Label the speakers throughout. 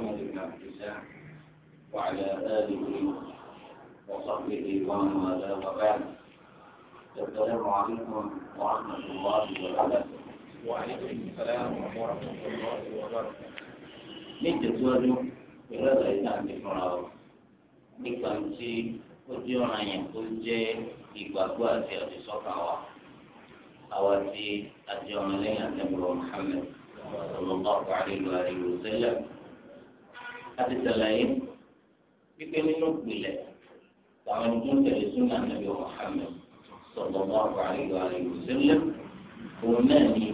Speaker 1: محمد بن عبد الله وعلى آله وصحبه ومن والاه وبعد السلام عليكم ورحمة الله وبركاته وعليكم السلام ورحمة الله وبركاته من تزوجوا بهذا الإسلام بالمراوة نكتب ó jẹ́ ọ̀ràn yẹn kó jẹ́ ìgbàgbọ́ àti àdìsọ́kà wa àwa ti àti ọ̀ràn lẹ́yìn àtẹ̀wọ̀n Muhammad sallallahu alaihi wa sallam. àti sàlàyé wípé nínú ìpìlẹ̀ làwọn ẹni tó ń tẹ̀lé súnà nàbí Muhammad sallallahu alaihi wa alihi wasallam òun náà ni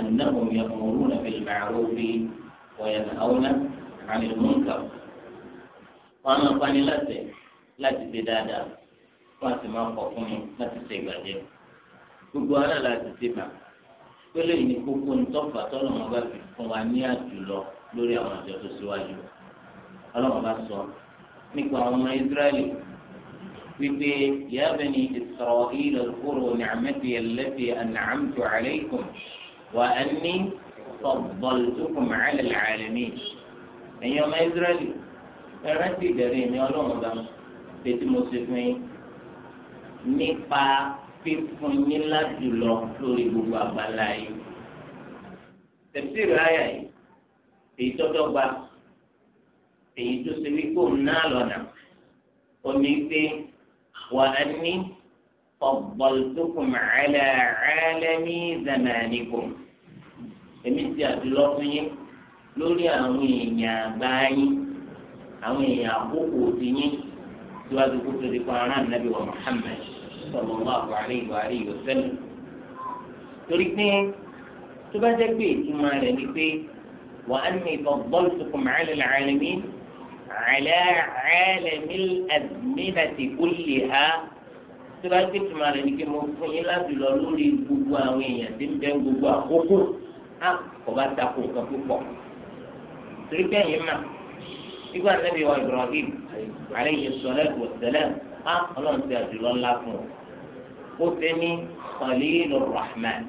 Speaker 1: annahum ya'muruna bil ma'ruf wa yanhauna 'anil munkar wọn máa pa ní láti láti ṣe dáadáa wọn sì máa kọ̀ fún mi láti ṣe ìgbàjẹ́ gbogbo ara láti ṣe mà pélé ní kókó ń tọ́fà tọ́lọ́mọba fi fún wa ní àjùlọ lórí àwọn àjọ tó síwájú ọlọ́run bá sọ nípa àwọn ọmọ israẹli wípé ya bani isra'ila dhkuru ni'mati allati an'amtu alaykum wa anni faddaltukum 'ala al-'alamin ẹ̀yin ọmọ israẹli ẹrántí ìbẹ̀rẹ̀ mi ọlọ́run bá pété mo ṣe fún yín nípa fífún yín lájùlọ lórí gbogbo àgbàlá yìí tẹ̀síìrì ayà yìí èyí tó dọ́gba èyí tó ṣe wípé òun náà lọ́nà omi pé wà á ní ọ̀gbọ̀lùtòkùn àlẹ́ àlẹ́ ní zàmàníkùn èmi ti àdúrà fún yín lórí àwọn èèyàn àgbà yín àwọn èèyàn àkókò ti yín síwájú kó tó di pa ara nàbí wa Muhammad sallallahu alaihi wa alihi wa sallam torí pé tó bá jẹ́ pé ìtumọ̀ rẹ̀ ni pé. وأني فضلتكم على العالمين على عالم الأزمنة كلها síwájú ìtumọ̀ rẹ̀ ni kí mo fún yín láti lọ lórí gbogbo àwọn èèyàn tí ń bẹ gbogbo àkókò á kò bá takò nǹkan púpọ̀. torí pé ẹ̀yin mà nígbà Nábì wa Ibrahim alayhi salatu wa salam á ọlọ́run ti àjùlọ ńlá fún un ó ṣe ní Khalilur Rahman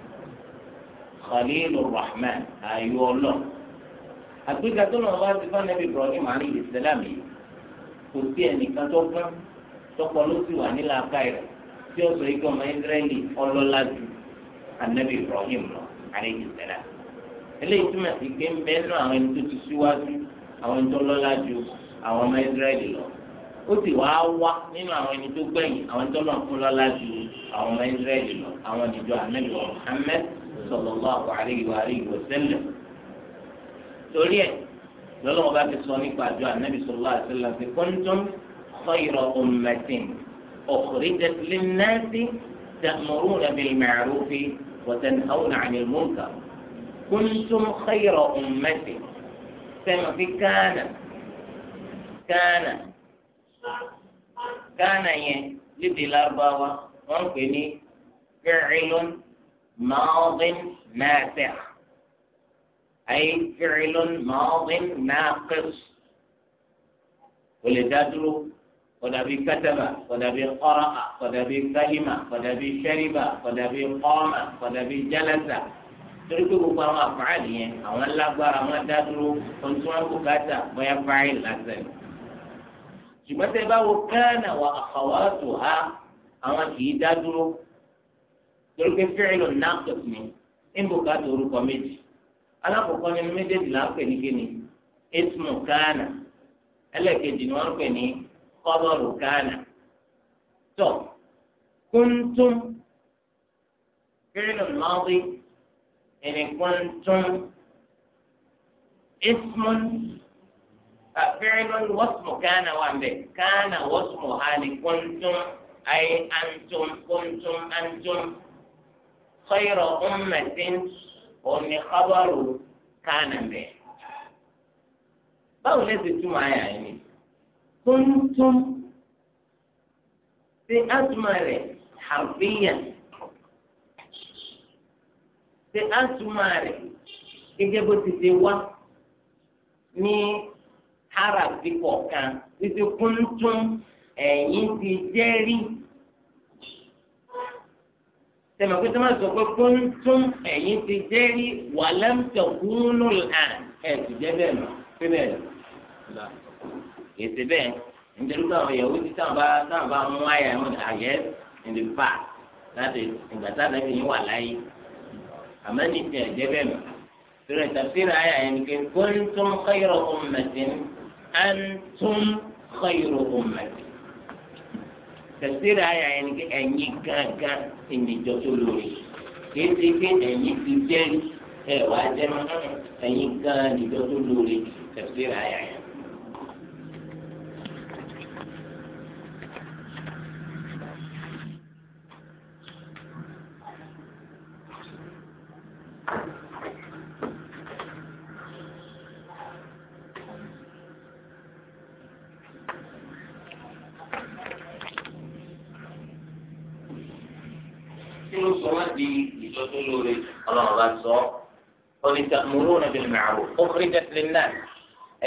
Speaker 1: Khalilur Rahman ayọ̀ ọlọ́run àgbéga tó lọ́wọ́ wá sí fánẹ́bí Ibrahim alayhi salam yìí kò sí ẹnìkan tó gbọ́n tọpọ ló sì wà nílà káì rẹ̀ tí ó sọ ikú ọmọ Israẹli ọlọ́lá ju anabi Ibrahim lọ alayhi salam eléyìí túmọ̀ sí pé ń bẹ́ẹ̀ náà àwọn ẹni tó ti síwájú àwọn ẹni tó lọ́lá ju àwọn ọmọ Israẹli lọ ó sì wá wá nínú àwọn ẹni tó gbẹ̀yìn àwọn tó lọ́n fún lọ́lá ju àwọn ọmọ Israẹli lọ àwọn ìjọ anabi Muhammad sallallahu alayhi wa alihi wa torí ẹ̀ lọ́lọ́wọ́ bá fi sọ nípa àjọ ànábì sallallahu alaihi wasallam fi kuntum khayra ummatin ukhrijat lin-nasi ta'muruna bil-ma'rufi wa tanhawna 'anil munkar kuntum khayra ummatin sẹ́mi fi kánà kánà kánà yẹn lédè lárúbáwá wọ́n pè ní máa fi'lun maadin nasikh. أي فعل ماض ناقص ولذاته ودبي كتب ودبي قرأ ودبي كلمة ودبي شرب ودبي قام ودبي جلس torí pé gbogbo àwọn àfààní yẹn àwọn lágbára wọn dá dúró ohun tí wọn kò káàtà bóyá fáìlì lásẹ. ṣùgbọ́n tẹ bá wo kánà wà àkàwàtò ha àwọn kì í dá dúró torí pé fẹ́ẹ́ lọ náà pẹ̀lú mi ń bò káàtó orúkọ méjì alákọ̀ọ́kọ́ nínú méjèèjì là ń pè ní kíni ismu kánà ẹlẹ́ẹ̀kejì ni wọ́n ń pè ní kọ́bọ̀rù kánà tó kuntum fílù mọ́bí ẹni kuntum ismun fílù wọ́sùmù kánà wà ń bẹ̀ kánà wọ́sùmù hà ní kuntum ayé antum kuntum antum khayra ummatin òní kábàrò kánà bẹ̀. báwo lè ṣe túmọ̀ àyà yìí tuntun ṣe àtúmọ̀ rẹ̀ àfihàn ṣe àtúmọ̀ rẹ̀ gẹ́gẹ́ bó ti ṣe wá ní harafi kọ̀ọ̀kan títí kúntún ẹ̀yìn ti jẹ́rìí tẹmẹ pé sọmọ sọ pé kóńtún ẹ̀yin ti jẹ́ rí wàlámtẹ̀kúnú àn ẹ̀ ti jẹ́ bẹ́ẹ̀ mọ̀ pé bẹ́ẹ̀ lọ. èsì bẹ́ẹ̀ nítorí pé àwọn ìyàwó ti sábà sábà mú àyà ẹ̀wọ̀n àyẹ́ in the past láti ìgbà sábà ti yín wà láyé àmọ́ ní ti ẹ̀jẹ̀ bẹ́ẹ̀ mọ̀. sọ̀rọ̀ ìtàfíìrì àyà yẹn ni pé kóńtún khayra tẹsíri àyà yẹn ni pé ẹ̀yin gángan ìnìjọ tó lórí kìí ti pé ẹ̀yin ti jẹ́rìí ẹ wàá jẹ́ mọ́ ẹ̀yin gángan ìnìjọ tó lórí tẹsíri àyà yẹn.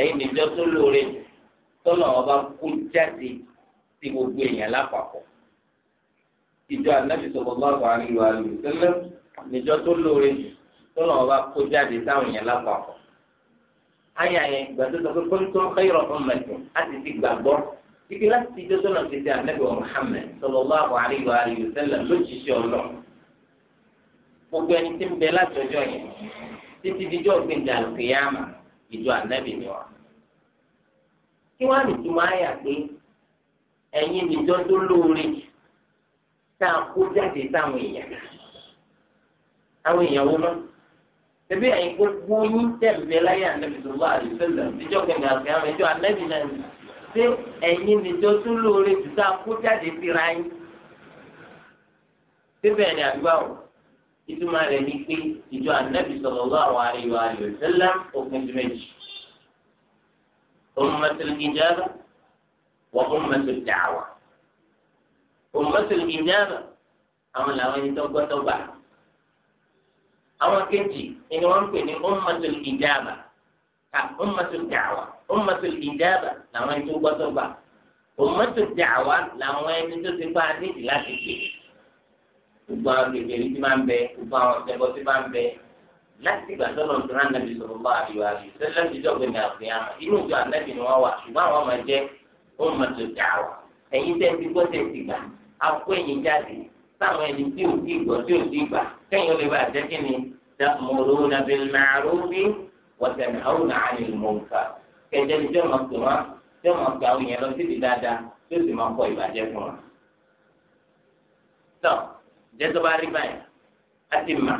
Speaker 1: ẹ̀yin níjọ tó lóore tọ́lọ̀ ọba kó jáde sí gbogbo èèyàn lápapọ̀ ìjọ ànábì sallallahu alaihi wa sallam níjọ tó lóore tọ́lọ̀ ọba kó jáde sáwọn èèyàn lápapọ̀ ayé ayé gbàdúrà sọ pé kuntum khayra ummatin á ti ti gbàgbọ́ ibi láti ìjọ tó lọ sí ti ànábì Muhammad sallallahu alaihi wa sallam lójijì ọlọ́ gbogbo ẹni tí ń bẹ láti ọjọ́ yẹn títí dijọ́ gbẹ̀dẹ̀ àlùkìyàmà ìjọ ànábì ni wọn. kí wọ́n á lè tún máa yà pé ẹ̀yin nìjọ tó lóore jù tá a kó jáde sáwọn èèyàn àwọn èèyàn wo mọ́ tẹ̀bí ẹ̀yin gbogbo yín tẹ̀lé láyé ànábì tó bá àdìsẹ́lẹ̀ níjọ́ kẹ̀kẹ́ àti àwọn ìjọ ànábì náà ni ṣé ẹ̀yin nìjọ tó lóore jù tá a kó jáde síra yín síbẹ̀ ni àdúgbò àwọn ìtumọ̀ rẹ̀ ní pé ìjọ ànábì sallallahu alaihi wa alihi wa sallam òfin ti méjì. ummatul ijaba wa ummatud da'wa. ummatul ijaba àwọn làwọn ẹni tó gbọ́tọ̀ gbà. àwọn kejì ni wọ́n ń pè ní ummatul ijaba ka ummatud da'wa ummatul ijaba làwọn ẹni tó gbọ́tọ̀ gbà. ummatud da'wa làwọn ẹni tó ti pa nídìí láti pè é gbogbo àwọn kékeré tí máa ń bẹ gbogbo àwọn ọ̀sẹ̀bọ tí máa ń bẹ láti ìgbà tó lọ́n tún ànábì sọ̀rọ̀ bá àríwá àbí sẹ́lẹ̀ ń dídọ̀ gbẹ̀mí àfihàn inú ìjọ ànábì ni wọ́n wà ṣùgbọ́n àwọn máa jẹ́ wọ́n máa tó dà wà ẹ̀yin tẹ́ ti gbọ́ tẹ́ ti gbà akó ẹ̀yin jáde táwọn ẹni tí ò ti gbọ́ tí ò ti gbà kẹ́yìn olè bá jẹ́ kí ni ta'muruna bil ma'rufi wa tanhawna ó sì jẹ́tọ́ bá rí báyìí a ti mà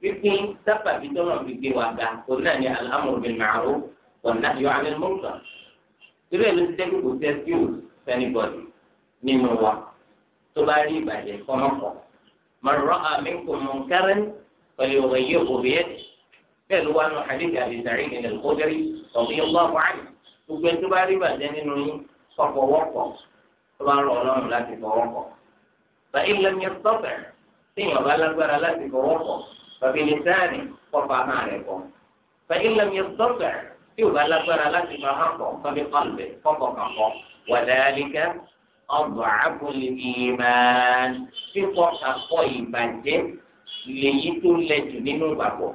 Speaker 1: pínpín sábàbí tó náà fi gbé wa ga òun náà ní al-amru bil ma'ruf wan nahyu 'anil munkar irú ẹ̀ ló ti dẹ́kun kò sí excuse anybody nínú wa tó bá rí ìbàjẹ́ kọ́nọ́kọ́ man ra'a minkum munkaran falyughayyirhu biyadihi bẹ́ẹ̀ ló wá nù hadith Abi Sa'id al-Khudri radiyallahu anhu gbogbo tó bá rí ìbàjẹ́ nínú yín fọwọ́pọ̀ tó bá rọ ọlọ́run láti fọwọ́pọ̀ téèyàn bá lágbára láti fọwọ́ pọ̀ bàbá ilé sáàni kọfà hàn rẹ̀ pọ̀ fẹ́yìn lẹ́mi sọ́fẹ̀ tí ò bá lágbára láti fọ hàn pọ̀ bàbá kọ́lùbẹ̀ kọ́kọ̀ kàn pọ̀ wàdàlíkẹ́ ọ̀dọ̀ àbúlé ìmàn fífọ àkọ́ ìbàjẹ́ lèyí tó lẹ́jù nínú ìgbàgbọ́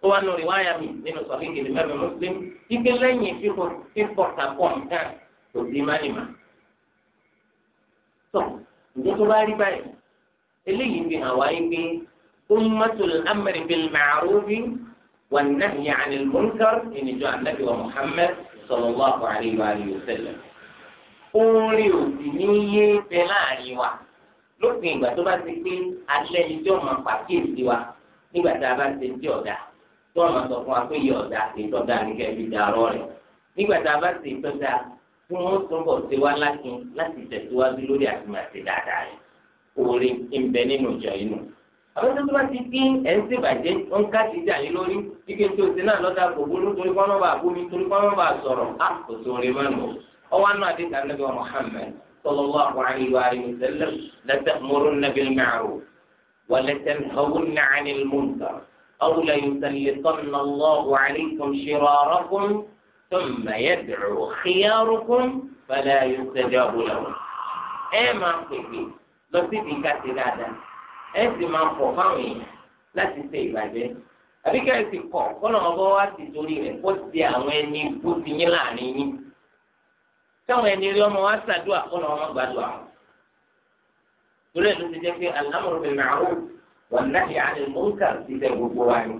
Speaker 1: tó wá nù rìwáyà mi nínú sọ̀rọ̀ ìgbèlè mẹ́rin mùsùlùm ike lẹ́yìn fífọ fífọ àkọ́ nǹkan kò sí mánìmá. tó ǹjẹ́ tó bá rí báyìí eléyìí fi hàn wáyé pé ummatul amri bil ma'rufi wan nahyi 'anil munkar ìnìjọ ànábì wa Muhammad sallallahu alayhi wa alihi wa sallam. orí òsì ní yé bẹ láàrin wa lópin ìgbà tó bá ti pé alẹ́ ni tí ó máa pàkíyèsí wa nígbà tá a bá ti di ọ̀dà tí wọ́n máa sọ fún wa pé iye ọ̀dà ìtọ́jà nìkẹ́ ibi dàrọ́ rẹ̀ nígbà tá a bá ti ìtọ́jà tí wọ́n túnbọ̀ ṣe wá láti láti tẹ̀síwájú lórí àtìmọ̀tì dáadáa rẹ̀ orí ń bẹ nínú ìjọ inú. àwọn tó bá ti dín ẹ̀ńsì bàjẹ́ wọn ká ti dà yín lórí ike tó ti náà lọ́dà kò burú torí kọ́ náà bá bómi torí kọ́ bá sọ̀rọ̀ á kò sóore má nù. ọwọ́ àná àdéhùn anábì wa Muhammad صلى الله عليه وآله وسلم لتأمرن بالمعروف ولتنهون عن المنكر أو ليسلطن الله عليكم شراركم ثم يدعو خياركم فلا يستجاب لهم ẹ máa ń pèpè lọ sí ibi ká ṣe dáadáa ẹ sì máa pọ̀ fáwọn èèyàn láti ṣe ìbàjẹ́ àbí ká ẹ sì kọ̀ kọ́nà ọgbọ́n wá sí torí rẹ̀ kó ti àwọn ẹni kó ti yín láàrin yín táwọn ẹni rí ọmọ wa ṣàdúrà ọmọ gbàdúrà torí ló ti pé ti tẹ gbogbo wa ni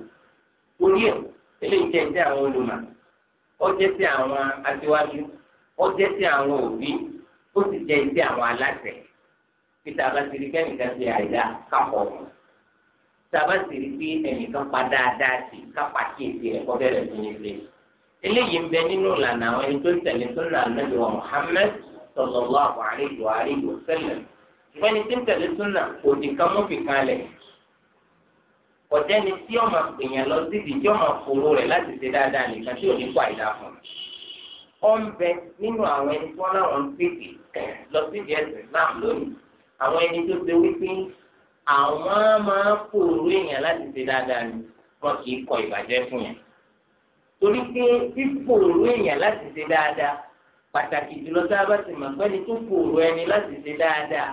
Speaker 1: torí eléyìí àwọn ó àwọn aṣíwájú ó àwọn òbí ó sì peter abasiri kẹ́nìkan ti àyà kápọ̀ tabasiri pé ẹnìkan pa dáadáa sí kápá kéèké ẹ̀kọ́ bẹ̀rẹ̀ sí ní pé eléyìí ń bẹ nínú ìlànà àwọn ẹni tó tẹ̀lé tó nà lẹ́yìn wa Muhammad sallallahu alaihi wa alihi wa sallam ṣùgbọ́n ẹni tí ń tẹ̀lé súnà kò di kan mú fìkan lẹ̀ ọ̀jẹ́ni tí ọmọ èèyàn lọ síbi tí ọmọ fòrò rẹ̀ láti ṣe dáadáa nìkan tí ò ní kó àìdá fún un ó ń bẹ nínú àwọn ẹni tí wọ́n láwọn ń pèsè lọ síbi ẹ̀sìn Islam lónìí àwọn ẹni tó ṣe wípé àwọn máa pòrò èèyàn láti ṣe dáadáa ni wọn kì í kọ ìbàjẹ́ fún yẹn torí pé pípòrò èèyàn láti ṣe dáadáa pàtàkì jùlọ tá a bá ti mọ̀ pé ẹni tó pòrò ẹni láti ṣe dáadáa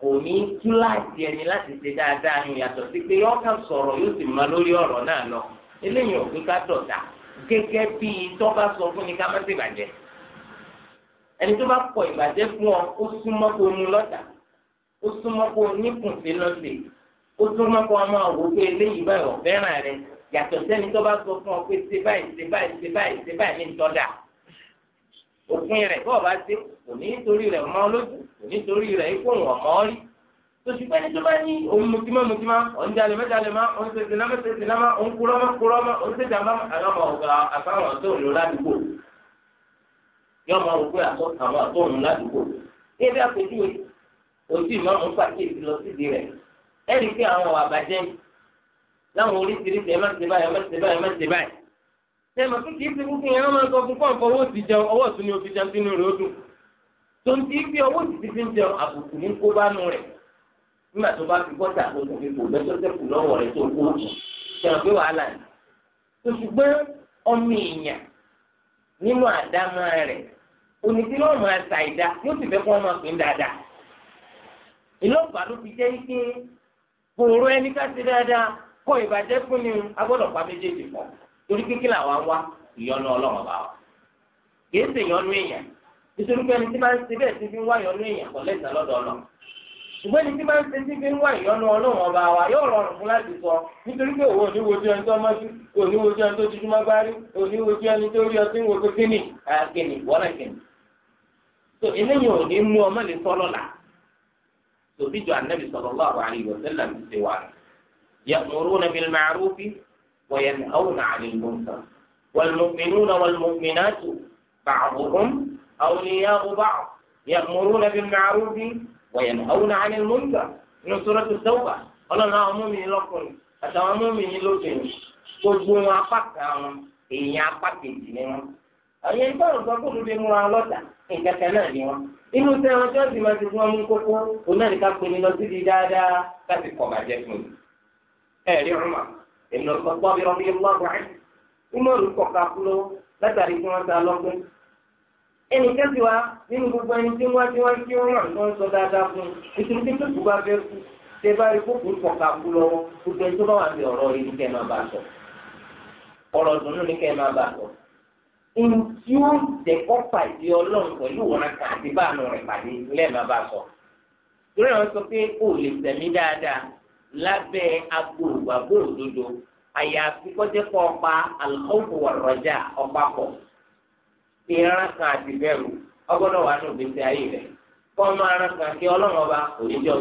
Speaker 1: kò ní kíláàsì ẹni láti ṣe dáadáa ni yàtọ̀ sí pé yọ́ọ́ kà sọ̀rọ̀ yóò sì mọ lórí ọ̀rọ̀ náà lọ eléyìí ò pé ká dọ̀tà gẹ́gẹ́ bíi tọ́ba sọ fún ni ká má ṣèbàjẹ́ ẹni tó bá kọ ìbàjẹ́ fún ọ ó súnmọ́ kó nu lọ́tà ó súnmọ́ kó oníkùn sínú sí ó súnmọ́ kó ọmọ àwòké eléyìí báyìí ọ̀fẹ́ràn rẹ yàtọ̀ sẹ́ni tó bá sọ fún ọ pé ṣe báyìí ṣe báyìí ṣe báyìí ṣe báyìí ní ìtọ́jà òfin rẹ̀ bọ́ọ̀ bá ṣe kò ní torí rẹ̀ mọ́ lójú kò ní torí rẹ̀ ikú wọn mọ́ rí tòṣì pé ní tó bá ní òun mutima mutima òun jalè má jalè má òun ṣe sinamá ṣe sinamá òun kúrọ́ má kúrọ́ má òun ṣe jàmbá má ọ̀gá àtàwọn ọ̀tọ́ òun ládùúgbò yọ ọmọ òkú àtọ́ àwọn ọ̀tọ́ òun ládùúgbò ebi àpèjúwe ojú ìmọ̀ọ́mù pàkíyèsí lọ síbi rẹ̀ ẹ̀rí pé àwọn ọ̀wà àbàjẹ́ láwọn oríṣiríṣi ẹ̀ má ti báyìí ẹ̀ má ti báyìí ẹ̀ má ti báyìí. ṣé mo kíkì í ti kúkú yẹn wọ́n máa sọ fún pọ́ǹpọ̀ owó ti jẹun ọwọ́ tún ni o fi jẹun sínú rẹ̀ ó dùn. tó ń ti fi owó ti fi ń jẹun àbùkù ní kó bá nu rẹ̀ nígbà tó bá fi bọ́tà tó ti fi kò lẹ́sọ̀tẹ̀kù lọ́wọ́ rẹ̀ tó kó ṣẹ̀rọ̀ pé wàhálà ni. ṣùgbọ́n ọmọ èèyàn nínú àdámọ́ rẹ̀ òní tí wọ́n máa ṣàìdá yóò sì fẹ́ kó wọ́n máa pín dáadáa ìlọ́pà ló fi jẹ́ ike kòòrò ẹni ká ṣe dáadáa kọ ìbàjẹ́ fún ni agbọ́dọ̀ pa méjèèjì pọ̀ torí kíkí làwa wá ìyọnu ọlọ́run bá wa kìí ṣe ìyọnu èèyàn nítorí pé ẹni tí máa ń ṣe bẹ́ẹ̀ ti fi ń wá ìyọnu èèyàn kọ́ lẹ́sẹ̀ lọ́dọ̀ ọlọ́run ṣùgbọ́n ẹni tí máa ń ṣe ti fi ń wá ìyọnu ọlọ́run ọba wa yóò rọrùn fún láti sọ nítorí pé òun ò ní wojú ẹni tó mọ́jú òun ní wojú ẹni tó dúdú má bá rí òun ní wojú ẹni tó rí ọtí ń wo pé kíni àkíni wọ́n náà kíni. تبيج النبي صلى الله عليه وسلم سواه يأمرون بالمعروف وينهون عن المنكر والمؤمنون والمؤمنات بعضهم أولياء بعض يأمرون بالمعروف وينهون عن المنكر من سورة التوبة قال الله مؤمن لكم أتوا مؤمن لكم gbogbo wọn apá kan àwọn ẹni báwọn sọ fún mi múra lọ́tà nǹkan kan náà ni wọn inú sẹ wọn jọ́ọ̀sì máa ti fún wọn mú kókó òun náà ní ká pinnu lọ síbi dáadáa láti kọ̀ bàjẹ́ fún mi. ẹ rí ọmọ èmi lọ sọ fún abirọ bíi lọ́gbà ẹ̀ nínú olùkọ́ ká kúló látàrí kí wọ́n ta lọ́gbọ́n. ẹnì kẹ́sì wa nínú gbogbo ẹni tí wọ́n ti wọ́n kí wọ́n máa ń sọ sọ dáadáa fún nítorí pé tó kúba fẹ́ kú ṣe bá rí kókó kọ̀ ká kúló gbogbo ẹni tó bá wà ní ọ̀rọ̀ ntí ó dẹ̀kọ́ pàdé ọlọ́run pẹ̀lú wọn àti báàmù rẹ̀ pàdé lẹ́ẹ̀ma bá sọ. torí àwọn sọ pé o lè tẹ̀mí dáadáa lábẹ́ agbóògbàgbó òdodo àyàfi kọ́jẹ́ ìran kan àti ọgbọ́dọ̀ wà ní òbí ayé rẹ̀ kọ́ ọmọ aran kan kí ọlọ́run ọba kò ní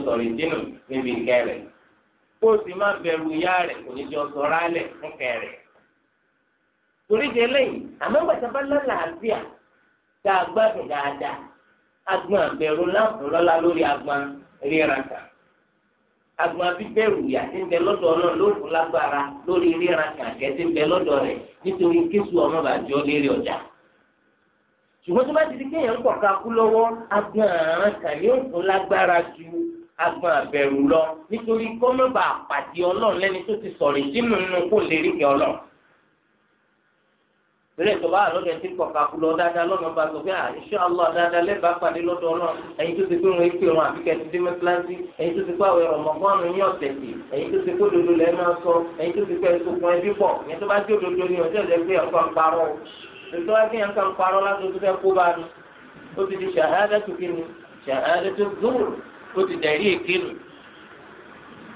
Speaker 1: o sì má bẹ̀rù ìyá rẹ̀ kò ní torí di eléyìí àmọ́ gbàtà bá lọ́la àbíà tá a gbádùn dáadáa agbọn àbẹ̀rù láǹfọ̀ lọ́la lórí agbọn ríran kan agbọn abíbẹ̀rù yà ti ń bẹ lọ́dọ̀ ọlọ́run lóògùn lágbára lórí ríran kan kẹ́ ti ń bẹ lọ́dọ̀ rẹ̀ nítorí kéṣù ọmọ bàjọ́ lérí ọjà ṣùgbọ́n tó bá ti di kéèyàn ń pọ̀ ká kú lọ́wọ́ agbọn àrùn kan ní òògùn lágbára ju agbọn àbẹ̀rù lọ nítorí kọ́mọ́bà àpàdé ọlọ́run lẹ́ni tó ti sọ̀rọ̀ ìdí bẹ́ẹ̀ tó bá lọ́dọ̀ ẹtí kọ̀ọ̀kan kú lọ dáadáa lọ́nà bá sọ pé insha Allah dáadáa lẹ́bàá pàdé lọ́dọ̀ ọlọ́run ẹ̀yin tó ti pé wọn èpè wọn àbíkẹ́ ti dé mẹ́tíláṣí ẹ̀yin tó ti pé àwọn ọmọkùnrin yín ọ̀sẹ̀ sí ẹ̀yin tó ti pé òdodo lẹ́ẹ̀ máa sọ ẹ̀yin tó ti pé ẹ̀sùnkùn ẹbí pọ̀ ẹ̀yin tó bá dé òdodo ni ọjọ́ ìjẹ́ pé ọ̀kan parọ́ ètò wá kéèyàn kan parọ́ láti oṣù fẹ́ kó bá mi ó ti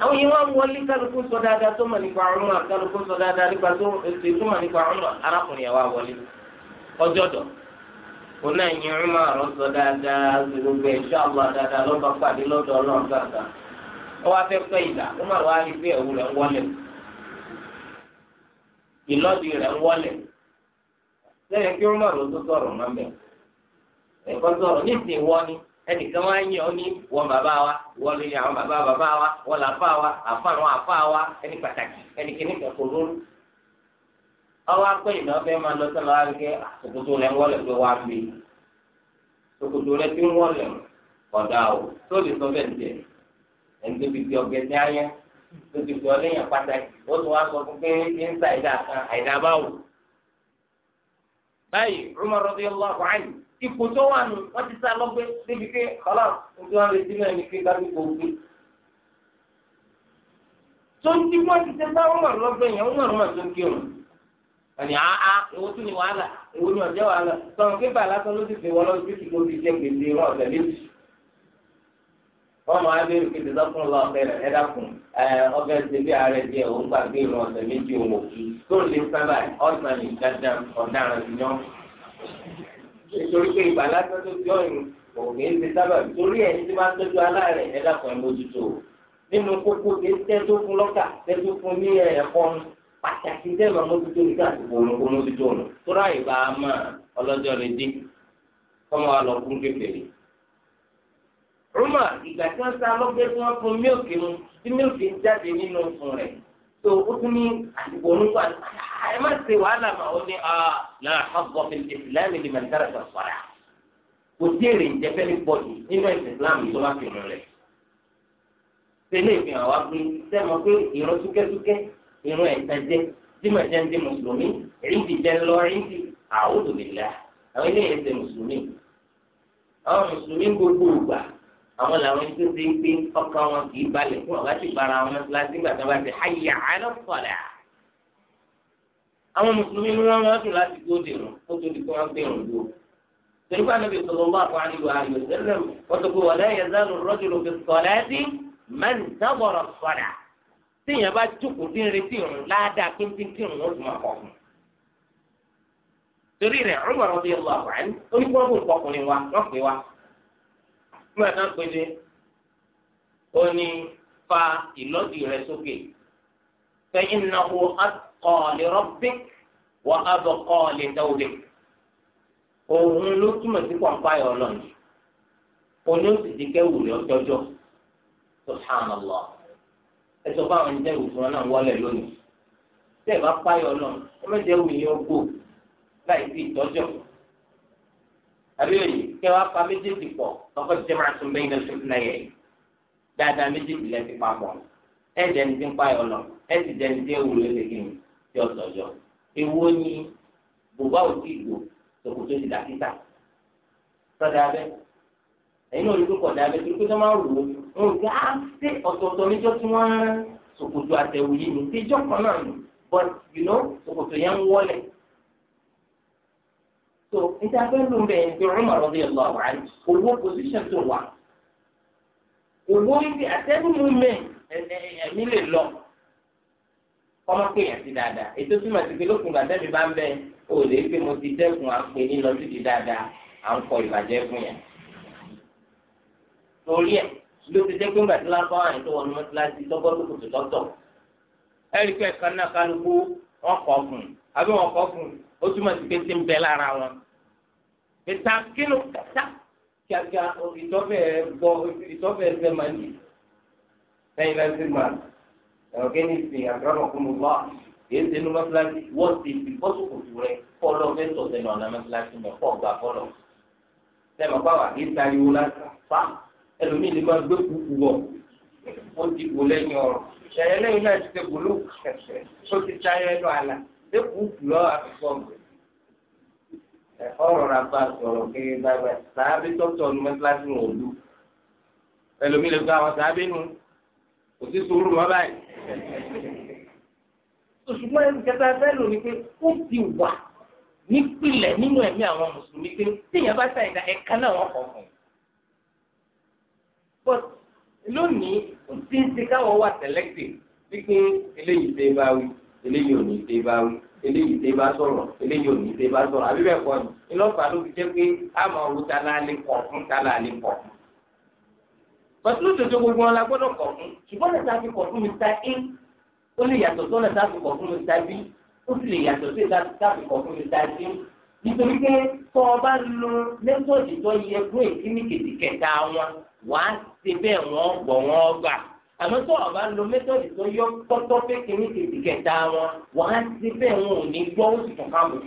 Speaker 1: àwọn yìí wọn wọlé kálukú sọ dáadáa tó mọ̀ nípa ọrùn àti kálukú sọ dáadáa nípa tó èsì tó mọ̀ nípa ọrùn arákùnrin yẹn wá wọlé ọjọ́ dọ̀ kò náà yín ọrùn àrùn sọ dáadáa gbogbo ẹ̀ṣọ́ àbọ̀ dáadáa lọ́ba pàdé lọ́dọ̀ ọlọ́run gàgà ó wá fẹ́ pẹ́ ìlà ó má wá rí pé ẹ̀wù rẹ̀ ń wọlé ìlọ́dì rẹ̀ ń wọlé lẹ́yìn kí ọrùn àrùn tó ẹnìkan wá yàn ọ́ ní wọ́n bàbá wa wọ́n lè yàn àwọn bàbá bàbá wa wọ́n là fà wa àfa àwọn àfa wa ẹni pàtàkì ẹni kìíní kẹ̀kọ́ lóru. ọwọ́ akọ ìnà ọbẹ̀ máa lọ sọ́nà wá gẹ́gẹ́ àtòkòtò ah, rẹ̀ ń wọlé pé wá gbé tòkòtò rẹ̀ ti ń wọlé kọ̀dà o tó lè sọ bẹ́ẹ̀ jẹ́ ẹni tó fi fi ọ̀gẹ̀ ní ayé tó ti fi ọlẹ́yìn pàtàkì ó tún wá sọ fún pé ń sa àìdá báwò. báyìí Umar radiyallahu anhu ipò tó wà nù wọ́n ti sá lọ́gbẹ́ níbi pé kọ́lá nítorí wọn lè dín náà ní pé kábí kò gbé. tó ń tí wọ́n ti ṣe sá wọ́n mọ̀rún lọ́gbẹ́ yẹn wọ́n mọ̀rún màtó ń kírun. àní àá èwo tún ni wàhálà èwo ni ọ̀jẹ́ wàhálà sọ̀rọ̀ pé bàálà sọ ló ti fi wọ́n lọ sí ti lóbi jẹ́ gbèsè wọn ọ̀sẹ̀ méjì. wọ́n máa ń bẹ̀rù kéde sọ́kùnrin lọ ọ̀fẹ́ rẹ̀ ẹ̀dàkùn ọbẹ̀ ṣe bí ààrẹ jẹ́ òun gbàgbé ìrún ọ̀sẹ̀ méjì òun òkú nítorí pé ìgbà lásán tó fi ọ̀rùn òní ti sábà torí ẹni tí máa ń tọ́jú aláàrẹ̀ ẹ̀dá kan ẹ̀ mójútó nínú kókó tí tẹ́ tó fún lọ́kà tẹ́ tó fún ní ẹ̀kọ́ pàtàkì tẹ́ máa mójútó ní káàkiri òun kó mójútó nù tóra ìbá máa ọlọ́jọ́ rẹ̀ dé kọ́mọ wa lọ fún kékeré. rúmà ìgbà tí wọ́n sá lọ́gbẹ́ tí wọ́n fún mílkì mu tí mílkì jáde nínú fún rẹ̀ tó ó tún ní àsìkò onígbà náà ẹ má ṣe wàhálà mà ó ní láàbọ̀ fi ìsìlámù ni mẹ́tẹ́rẹ̀ sọ̀rọ̀ sọ̀rọ̀ kò sí èrè ìjẹ́fẹ́ ní pọ̀jù nínú ìsìlámù tó bá fi rìn rẹ̀. tẹ́lẹ̀ fi hàn wá pé sẹ́mo pé ìrún súkẹ́súkẹ́ ìrún ẹ̀sán jẹ́ dímọ̀ jẹ́ ń dé mùsùlùmí èyí ti jẹ́ lọ èyí ti àwòdù nìlá àwọn ilé ẹ̀sẹ̀ mùsùlùmí. àwọn mùsùlùmí gbogbo ìgbà àwọn làwọn tó ṣe ń pé ọkàn wọn kì í balẹ̀ fún ọ̀gá ti bára wọn láti gbàgbọ́ ti háyà á lọ́sọ̀rọ̀ àwọn mùsùlùmí ni wọ́n máa ń dùn láti gbó dèrò ó tó di kí wọ́n gbé ìrùn dúró. torípa níbi ìsọlọ́wọ́ àfọ̀hánilò àyè sẹ́lẹ̀m ọ̀tọ̀kọ̀ wọlé yẹn zánú rọ́jòló fi sọ̀rọ̀ ẹ́dí mẹ́rin dábọ̀rọ̀ sọ̀dà tíyẹn bá jókòó sí retí ìrùn ládàá pínpín tí ìrùn ó dùn ọkọ̀ fún. torí rẹ̀ Umar radiyallahu anhu oníkọ́ọ̀bù ọkùnrin wa wọ́n pè wa. nígbà náà pé ó ní fa ìlọ́dì rẹ̀ sókè fẹ́yìn náà أتقى لربك وأبقى لثوبك òun ló túmọ̀ sí pọ̀npáyà ọlọ́run òun ó sì di kẹ́wù rẹ̀ ọjọ́jọ́ subhanallah ẹ̀sọ́ báwọn ń dẹ́rù fún wọn náà wọlé lónìí tẹ́ ẹ̀ bá páyà ọlọ́run ẹ má dẹ́rù yín ó gbò láì sí ìtọ́jọ́ àbí òyìn kẹ́ wàá pa méjèèjì pọ̀ lọ́kọ́ ti máa tún bẹ́yìn lọ́sùn náà yẹ dáadáa méjèèjì lẹ́sìn papọ̀ ẹ̀ dẹ́ni tí ń páyà ọlọ́run ẹ̀ sì dẹ́ni tí ó wù lóṣèlú tí ọ̀sán yọ ewo ni bùbá ò tí ì lò tòkòtò ti dàkítà sọdọ abẹ ẹyin náà lóko kọdà abẹ torí pé tó máa ń wò ó ń gbà á sí ọ̀tọ̀ọ̀tọ̀ níjọ́ tí wọ́n ń ṣòkòtò àtẹ̀wò yìí ní tíjọ́ kan náà nù but you know ṣòkòtò yẹn ń wọlé so níta fẹ́ ló ń bẹ̀ ẹ́ pé Umar radiyallahu anhu owó position tó wà owó ibi àtẹ́gùn mú mẹ́ ẹ̀mí lè lọ kọ́mọ́ pé yàn sí dáadáa ètò túmọ̀ sí pé lókun gbàdá mi bá ń bẹ ò lè pé mo ti dẹ́kun à ń pè ní lọ́sí di dáadáa à ń kọ ìbàjẹ́ fún yàn. torí ẹ̀ ló ti jẹ́ pé ńgbà tí lápá wà ní tó wọnú mọ́tíláṣí lọ́gbọ́n ló kùtù lọ́tọ̀. ẹ̀rí pé ẹ̀ka náà kálukú wọn kọ̀ fún un àbí wọn kọ̀ fún un ó túmọ̀ sí pé ti ń bẹ lára wọn. ìta kínú kàtá kíákíá ìtọ́fẹ́ gbọ́ ìtọ́fẹ́ ẹ̀rọ kí ni sìn àgbàmọ̀ kún mi wá kì í ṣe inú mọ́sálásí wọ́n ti fi bọ́sùkùtù rẹ fọlọ́ fẹ́ sọ̀tẹ̀ náà ọ̀nà mọ́sálásí mẹ́ fọ́ gbà fọlọ́ sẹ́mi pàwọ́ kì í sáyéwó lásán fa ẹlòmíì ni máa gbé kúkú wọ̀ ó ti wò lẹ́yìn ọ̀rọ̀ ṣẹ̀yẹ lẹ́yìn náà ti ṣe gbòòlù kẹ̀kẹ́ ó ti sáyé ẹnu àlà ṣé kúkú lọ́ọ́ àfikọ́ mi ọ̀rọ̀ rafa sọ̀rọ̀ kiri bàbá sàábì tọ́tọ̀ ọ̀nù mẹ́tíláṣí wọn ò lù ẹlòmíì lè kò sí sùúrù mọ́ báyìí. ṣùgbọ́n ẹni kẹta fẹ́ lò ní pé ó ti wà nípìnlẹ̀ nínú ẹ̀mí àwọn mùsùlùmí pé téèyàn bá ṣàìdá ẹ̀ka náà wọ́n kọ̀ fún un. but lónìí ó ti ń ṣe káwọn wà selective wípé eléyìí tẹ́ bá wí eléyìí ò ní tẹ́ bá wí eléyìí tẹ́ bá sọ̀rọ̀ eléyìí ò ní tẹ́ bá sọ̀rọ̀ àbí bẹ́ẹ̀ kọ́ ni ìlọ́pàá ló fi jẹ́ pé àmọ́ ọ̀rùn ta la lè fún ta la lè fún pẹ̀lú lójoojó gbogbo wọn la gbọ́dọ̀ kọ̀ fún ṣùgbọ́n lẹ́sà fi kọ̀ fún mr a ó lè yàtọ̀ tó lẹ́sà fi kọ̀ fún mr b ó sì lè yàtọ̀ sí lẹ́sà fi kọ̀ fún mr c nítorí pé tó o bá lo mẹ́tọ́ọ̀dì tó yẹ fún ìkíní kejì kẹta wọn wàá ṣe bẹ́ẹ̀ wọ́n gbọ̀ wọ́n gbà àmọ́ tó o bá lo mẹ́tọ́ọ̀dì tó yọ tọ́tọ́ pé kíní kejì kẹta wọn wàá ṣe bẹ́ẹ̀ wọn ò ní gbọ́ ó sì tún ká mọ̀.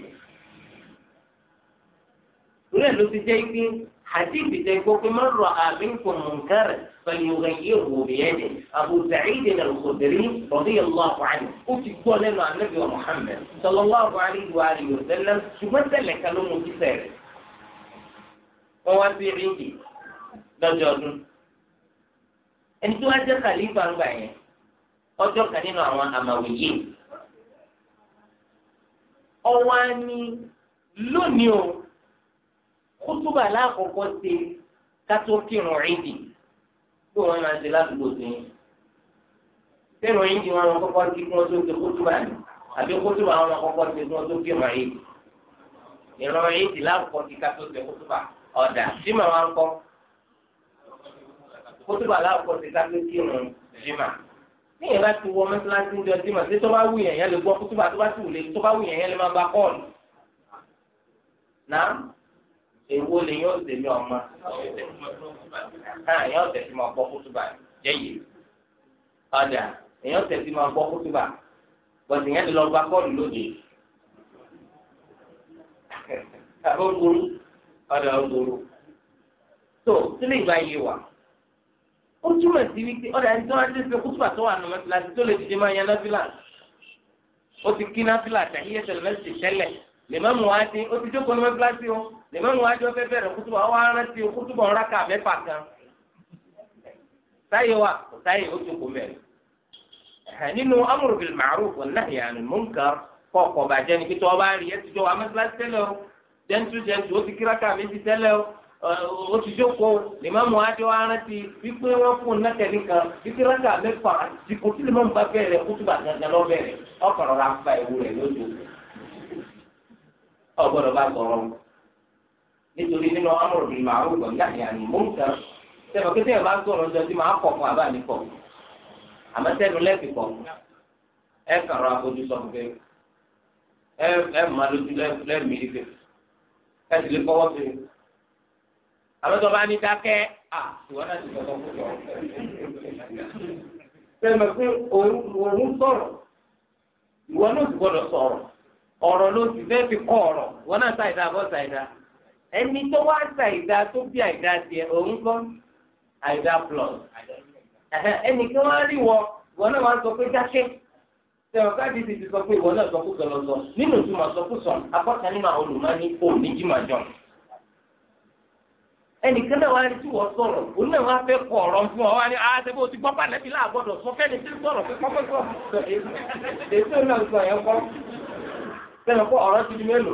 Speaker 1: ìrẹ́ ló ti jẹ́ pé حديث تيكوك من رأى منكم منكرا فليغيره بيده أبو سعيد الخدري رضي الله عنه وتقول لنا النبي محمد صلى الله عليه وآله وسلم شو مثل كلامه في سيره وواسي عيدي لجرد ẹni tó wá jẹ́ kàlífà ń gbà yẹn أواني لونيو Kutuba láàkọ́kọ́ ṣe kátó kírun ìdì bí wọ́n máa ṣe ládùúgbò sí i. kírun ìdì wọn kọ́kọ́ kí wọ́n tó ṣe kútúbà ní àbí kútúbà wọn kọ́kọ́ ṣe kí wọ́n tó kírun ìdì. ìran ìdì láàkọ́ kí kátó ṣe kútúbà ọ̀dà jimá wa ń kọ́ kútúbà láàkọ́ ṣe kátó kírun jimá ní ìlà ti wọ mẹsàlásì ń jọ jimá ṣé tó bá yẹn yẹn lè gbọ́ kútúbà tó bá wù lè tó bá yẹn yẹn lè má gba kọ́ọ̀lù. náà èwo lè yọ ọ̀sẹ̀ mi ọ̀ma èyàn ọ̀sẹ̀ tí máa gbọ́ kútùbà jẹ́yìí ọ̀dà èyàn ọ̀sẹ̀ tí máa gbọ́ kútùbà bọ̀dì yẹn ti lọ gba kọ́ọ̀lù lóde ọ̀gbọ̀rú ọ̀dà ọ̀gbọ̀rú tó sílẹ̀ ìgbà yìí wà ó túmọ̀ sí wípé ọ̀dà ẹni tó wá dé fún kútùbà tó wà nù mẹ́tìlá tó lè dìde máa yan náfìlà ó ti kí náfìlà tẹ̀lé ẹsẹ̀ lọ́sẹ̀ tẹ́lẹ̀ lèmọ́mù wa ti ó ti jókòó lọ́mọ kíláàsì o lèmọ́mù wa ti ó fẹ́ bẹ̀rẹ̀ kútùbọ̀ ọwọ́ arántí o kútùbọ̀ ọ̀rá kà mẹ́fà kan táyé wa kò táyé ó jókòó mẹ́rin nínú amúrò bìlì màrúf ọ̀nàhì àná munkar kọ̀ọ̀kọ̀ bàjẹ́ ni kíkọ́ ọba rí ẹtì jọ àmọ́ kíláàsì tẹ́lẹ̀ o jẹ́ntu jẹ́ntu ó ti kíráka méjì tẹ́lẹ̀ o ó ti jókòó lèmọ́mù wa ti ó arántí wípé wọ́n fún un nákẹ́lí kan kíkíráka mẹ́fà Ọgbọdọ bá sọ̀rọ̀ nítorí nínú amúrò bíi màrú gbọ̀n náà ní àná mò ń sọ sẹ́nu kí sẹ́yìn bá sọ̀rọ̀ ọjọ́ tí màá kọ̀ fún àbá mi kọ̀ àmọ́ sẹ́nu lẹ́ẹ̀kì kọ̀ ẹ kàrọ̀ àfojú sọ fún fẹ́ ẹ ẹ má lójú lẹ́ẹ̀mí rí fẹ́ ẹ sì lè fọwọ́ sí i àmọ́ tó bá ní dákẹ́ à ìwọ náà ti sọ̀tọ̀ fún yọ sẹ́nu pé òun sọ̀rọ̀ ìwọ náà ti gbọ́dọ̀ sọ̀rọ̀. ọ̀rọ̀ ló sì fẹ́ fi kọ́ ọ̀rọ̀ wọn náà ṣàìdá bọ́ ṣàìdá ẹni tó wá ṣàìdá tó bí àìdá tiẹ̀ òun kọ́ àìdá plus ẹnì wá rí wọ wọn náà wá sọ pé jáṣẹ́ ti ti sọ pé ìwọ náà sọ kú sọlọ sọ nínú sọ kú sọ apọ́ta nínú àwọn olùmọ́ni òní ẹnì kan náà wá rí tí wọ́n sọ̀rọ̀ òun náà wá fẹ́ ọ̀rọ̀ fún ọ wá ní ah, ti gbọ́ pàlẹ́bí sọ fẹ́ni sẹ́nu kó ọ̀rọ̀ ti di mélòó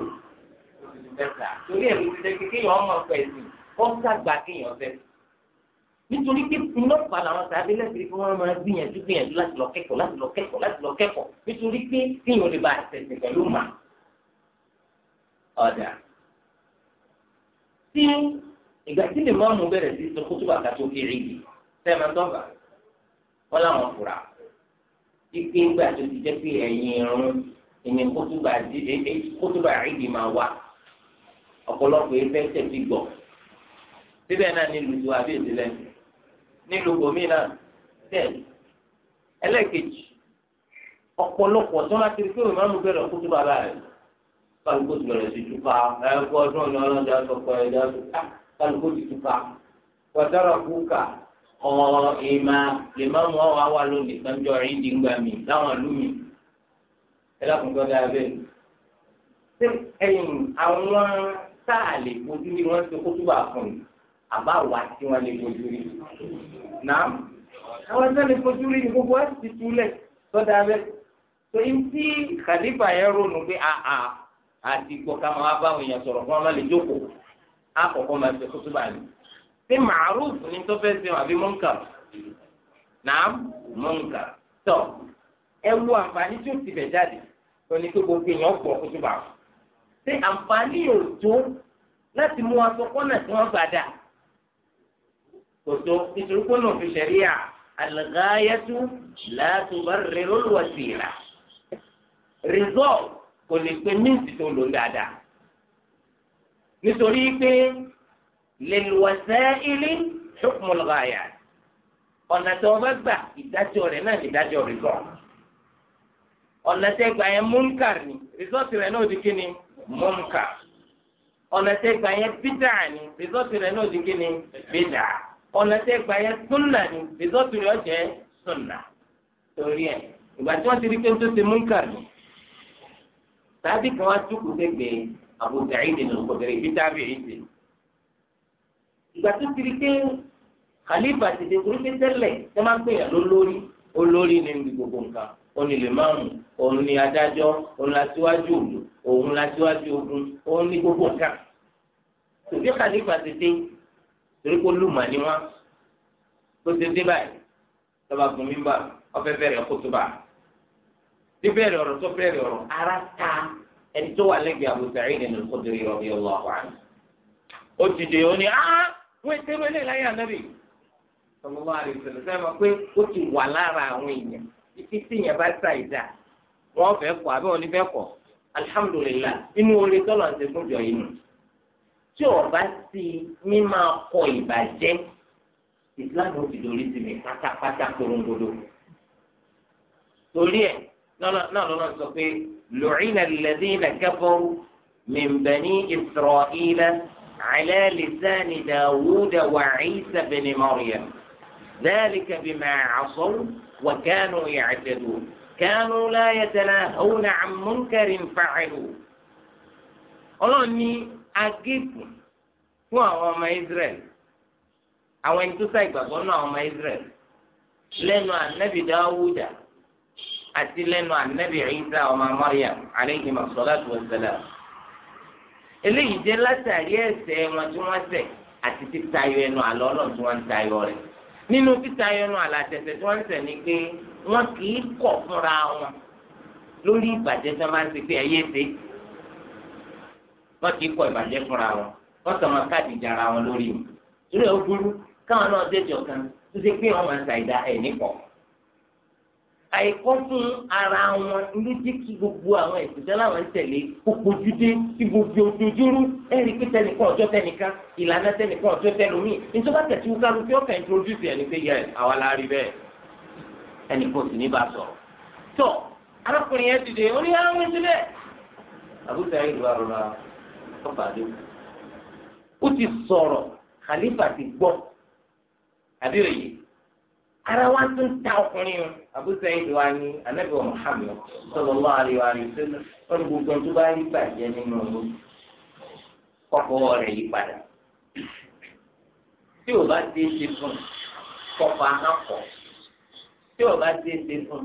Speaker 1: ti di mẹ́ta torí ẹ̀rù ti dẹ́kẹ́ kéèyàn ọmọ ọ̀pẹ ẹ̀sìn kó sàgbà kéèyàn fẹ́. nítorí pé ńlọ́pàá làwọn tàbí lẹ́sìn fún wọn máa gbìyànjú gbìyànjú láti lọ kẹ́kọ̀ọ́ láti lọ kẹ́kọ̀ọ́ láti lọ kẹ́kọ̀ọ́ nítorí pé kéèyàn lè ba àtẹ̀sìn pẹ̀lú mà. ọ̀dà tí ìgbà tí lè máa mú bẹ̀rẹ̀ sí sọkútù bàtà tó kéré yìí sẹ́mi tọ́ba wọn làwọn fura ìpín ìgbà tó ti jẹ́ pé ẹ̀yìn irun ìní kótóbà ìdì máa wà ọ̀pọ̀lọpọ̀ ẹgbẹ́ tẹ̀sí gbọ̀ síbẹ̀ náà nílùú tó àbí ìdílé nílùú gómìnà tẹ̀lé ẹlẹ́ẹ̀kejì ọ̀pọ̀lọpọ̀ tó máa kiri pé òun máa mú bẹ̀rẹ̀ kótóbà báyìí kálukó ti bẹ̀rẹ̀ sí túpa ẹ̀kọ́ ọdún ọ̀nà ọlọ́dà sọ̀kọ̀ ẹ̀dá sọ̀kọ̀ ah, kálukó ti túpa wàtàrà kúkà ọ̀ọ́ ìmà lè má mú ọ ẹlẹ́kùn tó dáa bẹ́ẹ̀ ṣé ẹ̀yìn àwọn tá a lè fojú rí wọ́n ṣe kótóbà fún mi àbá wà tí wọ́n lè fojú rí náà àwọn tó lè fojú rí ni gbogbo ẹ̀ ti túlẹ̀ tó dáa bẹ́ẹ̀ tó ń tí kàlífà yẹn ronú pé àà ah, àti ah, gbọ́ ká máa bá àwọn èèyàn sọ̀rọ̀ fún wọn má lè jókòó àkọ́kọ́ máa ṣe kótóbà ni ṣé màrúf ni tó fẹ́ ṣe àbí mọ́ǹkà náà mọ́ǹkà tọ́ ẹ wo àǹfààní tí ó ti bẹ̀ jáde lọ ní pé gbogbo èèyàn pọ̀ kó tó bá wọn. ṣé àǹfààní yóò tó láti mú wa sọ kọ́nà tí wọ́n gbà dà? kò tó nítorí pé náà fi ṣẹ̀rí à àlùgáyẹ́tú látùbà rẹ̀lọ́lùwàsílà. rìsọ́ọ̀ kò lè pe míǹtì tó lò dáadáa. nítorí pé lèlùwàsẹ́ ilé ṣùkùmùlùgáyà ọ̀nà tó o bá gbà ìdájọ́ rẹ̀ náà ìdájọ́ rìsọ́ọ̀ ọ̀nà tẹ́ gbà yẹn múnkàr ni rìsọ́ọ̀tì rẹ̀ náà di kí ni múnkàr ọ̀nà tẹ́ gbà yẹn bídà ni rìsọ́ọ̀tì rẹ̀ náà di kí ni bídà ọ̀nà tẹ́ gbà yẹn súnà ni rìsọ́ọ̀tì rẹ̀ jẹ́ súnà torí ẹ̀ ìgbà tí wọ́n ti rí pé tó ti múnkàr ni tàbí kan wá túkù sẹ́gbẹ̀ Abu Sa'id al-Khudri bí tábì ìdè ìgbà tó ti rí pé khalifa ti dé orí pé tẹ́lẹ̀ tẹ́ òun ni lèmáàmù òun ni adájọ́ òun la síwájú òòlù òun la síwájú ogun òun ni gbogbo nǹkan tòbí kàlífà ti dé torí kó lùmọ̀ ni wọ́n tó ti dé báyìí lọ́ba gun mi bá ọfẹ́ bẹ̀rẹ̀ kótóbà bíbẹ̀rẹ̀ ọ̀rọ̀ tó bẹ̀rẹ̀ ọ̀rọ̀ ara ta ẹni tó wà lẹ́gbẹ̀ẹ́ Abu Sa'id al-Khudri radiyallahu anhu ó ti dè ó ní áá wọ́n ti rẹ́lẹ̀ láyé ànábì sallallahu alaihi wasallam pé ó ti wà lára àwọn èèyàn títí tí yẹn bá ṣà ìdá wọn fẹ́ kọ́ àbí wọn ní fẹ́ kọ́ alihamudulilayi inú orí tọ́lọ̀ ń sekú jọ inú tí o bá sí ní máa kọ ìbàjẹ́ ìsìláàmù ti dorí sí mi pátápátá korongodo torí ẹ̀ náà lọ́nà sọ pé lu'ina alladhina kafaru min bani isra'ila ala lisani dawuda wa isa bin maryam dhalika bima وكانوا يعتدون كانوا لا يتناهون عن منكر فعلوا ọlọ́run ní agégun fún àwọn ọmọ israẹl àwọn ẹni tó sá ìgbàgbọ́ náà àwọn ọmọ israẹl lẹ́nu ànábì dáwúdà àti lẹ́nu ànábì ìsá ọmọ mariam aleyhi masalatu wa eléyìí jẹ́ látàrí ẹ̀ṣẹ̀ wọn tí wọ́n ṣẹ̀ àti títa ayọ̀ ẹnu àlọ́ ọlọ́run tí wọ́n ń ta ayọ̀ rẹ̀ nínú títa ẹnu àlàtẹ̀tẹ̀ tí wọ́n ń tẹ̀ ní pé wọ́n kì í kọ̀ fúnra wọn lórí ìbàjẹ́ tí wọ́n máa ń ṣe pé ẹyẹ ṣe wọ́n kì í kọ̀ ìbàjẹ́ fúnra wọn wọ́n tọ̀ wọn káàdì ìjà ara wọn lórí o. ìrẹ̀ ó burú káwọn náà dẹ́jọ́ kan tó ṣe pé wọ́n máa ń ṣàìdá ẹ̀ nípọ̀ àìkọ́ fún ara wọn ló jẹ́ kí gbogbo àwọn ìpèsè láwọn ń tẹ̀lé òpòjú dé kí gbogbo ojoojúrú ẹ̀rí pé tẹnìkan ọjọ́ tẹnìkan ìlànà tẹnìkan ọjọ́ tẹnìmí nítorí bàtẹ̀ tí wúkàlù fi ọkàn introduce ẹni pé yẹ àwa la rí bẹ́ẹ̀ ẹnì kan sì ní bá sọ̀rọ̀ tó arákùnrin yẹn dìde ó ní àwọn ẹni sílẹ̀ àbúta ìlú àrùnà ọ̀bàdé ó ti sọ̀rọ̀ khalifa ti gbọ́ àbí òye ara wa tún ta ọkùnrin o Abu Sa'id wa ni anabi Muhammad sallallahu alaihi wa sallam wọn ni gbogbo tó bá yí bàjẹ́ nínú kọ́kọ́ rẹ̀ yí padà tí o bá ti ṣe fún kọ́kọ́ akọ̀ tí o bá ti ṣe fún